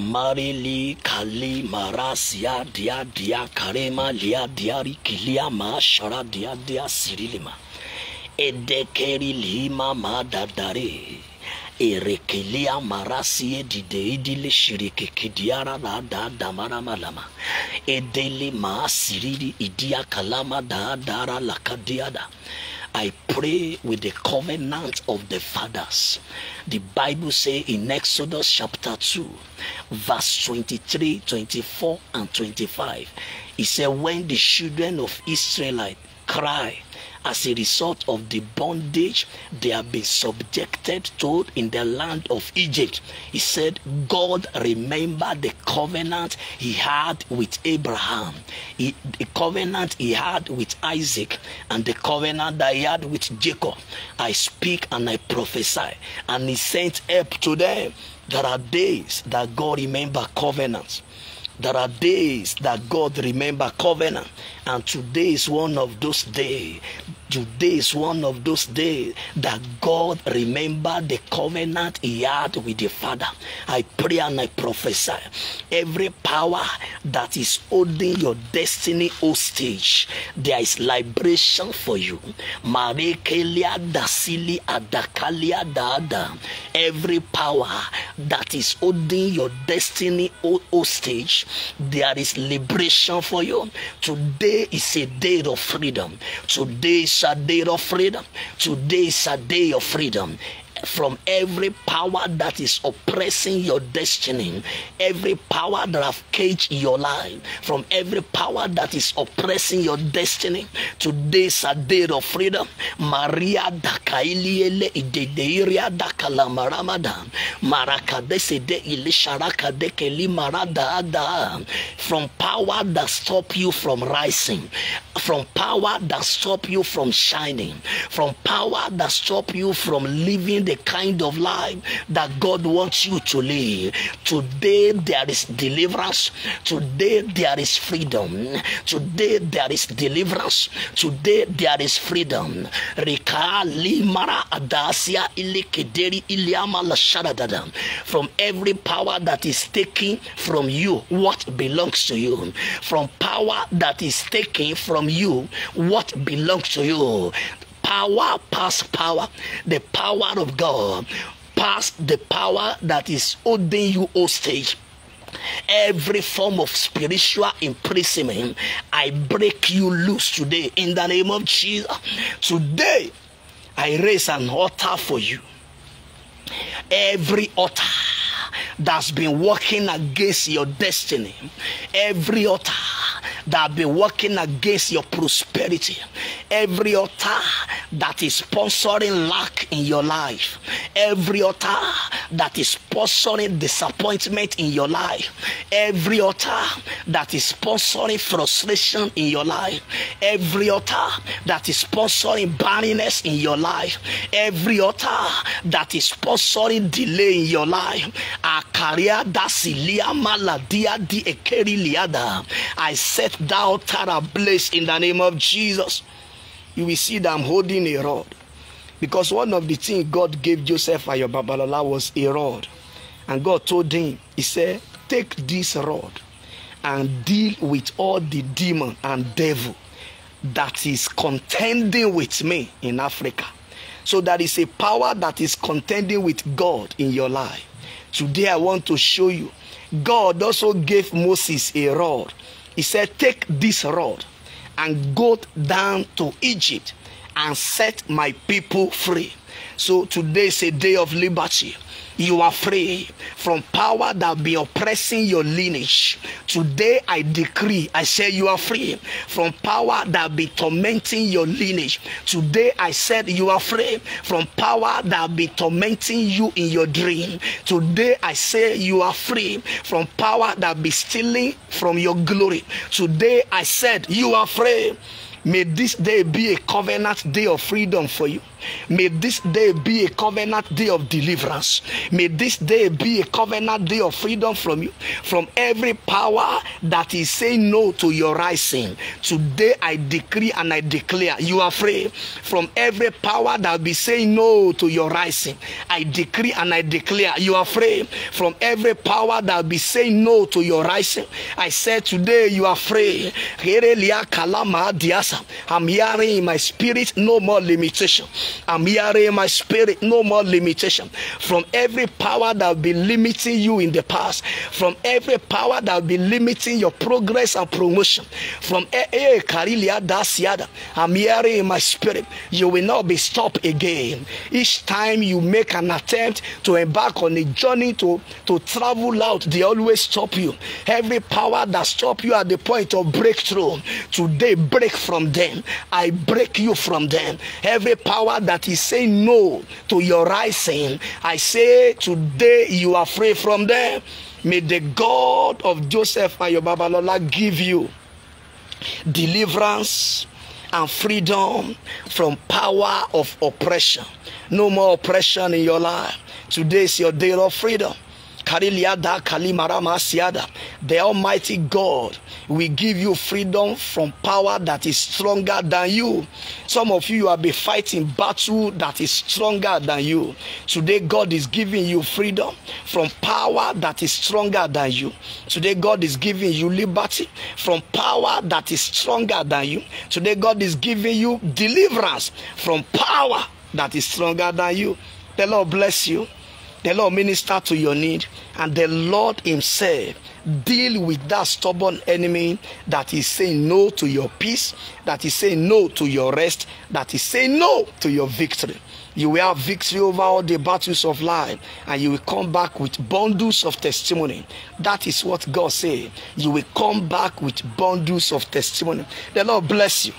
li kali marasia dia dia karema lia diari kilia ma shara dia dia sirilima edekeri lima ma dadare erekelia marasi edide idile shirikikidiara la da damaramalama edele ma siriri idia kalama da dara lakadiada I pray with the covenant of the fathers. The Bible say in Exodus chapter 2, verse 23, 24, and 25, it said, When the children of Israelite cry as a result of the bondage they have been subjected to in the land of Egypt. He said, God remembered the covenant he had with Abraham, he, the covenant he had with Isaac, and the covenant that he had with Jacob. I speak and I prophesy, and he sent help to them. There are days that God remember covenants. There are days that God remember covenant, and today is one of those days. Today is one of those days that God remember the covenant He had with the Father. I pray and I prophesy every power that is holding your destiny hostage, there is liberation for you. dada. Every power that is holding your destiny hostage there is liberation for you. Today is a day of freedom. Today is a day of freedom. Today is a day of freedom from every power that is oppressing your destiny, every power that have caged your life, from every power that is oppressing your destiny. Today's a day of freedom. Maria dakailiele idedeiria dakalamaramada marakadese de ilisharakade marada da. from power that stop you from rising, from power that stop you from shining, from power that stop you from living the the kind of life that God wants you to live. Today there is deliverance. Today there is freedom. Today there is deliverance. Today there is freedom. From every power that is taking from you what belongs to you. From power that is taking from you what belongs to you power past power, the power of God past the power that is holding you hostage. Every form of spiritual imprisonment, I break you loose today in the name of Jesus. Today, I raise an altar for you. Every altar that's been working against your destiny, every altar that been working against your prosperity, every altar that is sponsoring lack in your life, every altar that is sponsoring disappointment in your life, every altar that is sponsoring frustration in your life, every altar that is sponsoring barrenness in your life, every altar that is sponsoring delay in your life, I set that altar ablaze in the name of Jesus you will see that I'm holding a rod. Because one of the things God gave Joseph your Babalola was a rod. And God told him, He said, Take this rod and deal with all the demon and devil that is contending with me in Africa. So there is a power that is contending with God in your life. Today I want to show you. God also gave Moses a rod. He said, Take this rod and go down to Egypt and set my people free. So today is a day of liberty. You are free from power that be oppressing your lineage. Today I decree, I say you are free from power that be tormenting your lineage. Today I said you are free from power that be tormenting you in your dream. Today I say you are free from power that be stealing from your glory. Today I said you are free May this day be a covenant day of freedom for you. May this day be a covenant day of deliverance. May this day be a covenant day of freedom from you, from every power that is saying no to your rising. Today I decree and I declare you are free from every power that will be saying no to your rising. I decree and I declare you are free from every power that will be saying no to your rising. I said today you are free. I'm hearing in my spirit no more limitation. I'm hearing in my spirit no more limitation. From every power that will be limiting you in the past, from every power that will be limiting your progress and promotion, from I'm hearing in my spirit, you will not be stopped again. Each time you make an attempt to embark on a journey to, to travel out, they always stop you. Every power that stop you at the point of breakthrough, today break from from them. I break you from them. Every power that is saying no to your rising, I say today you are free from them. May the God of Joseph and your Babalola give you deliverance and freedom from power of oppression. No more oppression in your life. Today is your day of freedom. The Almighty God will give you freedom from power that is stronger than you. Some of you, you have been fighting battle that is stronger than you. Today, God is giving you freedom from power that is stronger than you. Today, God is giving you liberty from power that is stronger than you. Today, God is giving you deliverance from power that is stronger than you. The Lord bless you. The Lord minister to your need and the Lord Himself deal with that stubborn enemy that is saying no to your peace, that is saying no to your rest, that is saying no to your victory. You will have victory over all the battles of life, and you will come back with bundles of testimony. That is what God said. You will come back with bundles of testimony. The Lord bless you.